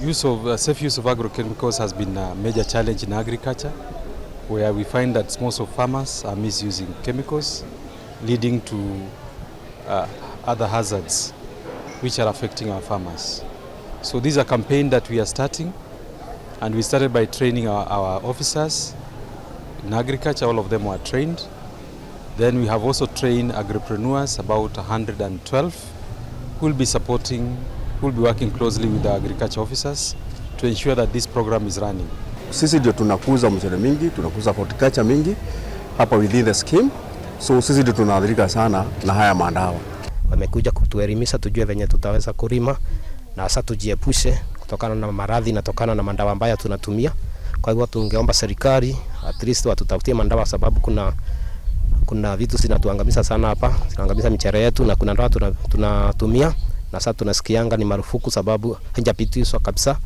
use of uh, safe use of agrochemicals has been a major challenge in agriculture where we find that most of farmers are misusing chemicals leading to uh, other hazards which are affecting our farmers. So this is a campaign that we are starting and we started by training our, our officers in agriculture, all of them were trained. Then we have also trained agripreneurs, about 112, who will be supporting We'll be working closely with the agriculture officers to ensure that this program is running. Sisi ndio tunakuza mchele mingi, tunakuza horticulture mingi hapa within the scheme. So sisi ndio tunaadhirika sana na haya maandawa. Wamekuja kutuelimisha tujue venye tutaweza kulima na hasa tujiepushe kutokana na maradhi natokana na mandawa ambayo tunatumia. Kwa hivyo tungeomba serikali at least watutafutie mandawa, sababu kuna kuna vitu zinatuangamiza sana hapa, zinaangamiza michere yetu na kuna ndawa tunatumia tuna na sasa tunasikianga ni marufuku sababu haijapitishwa kabisa.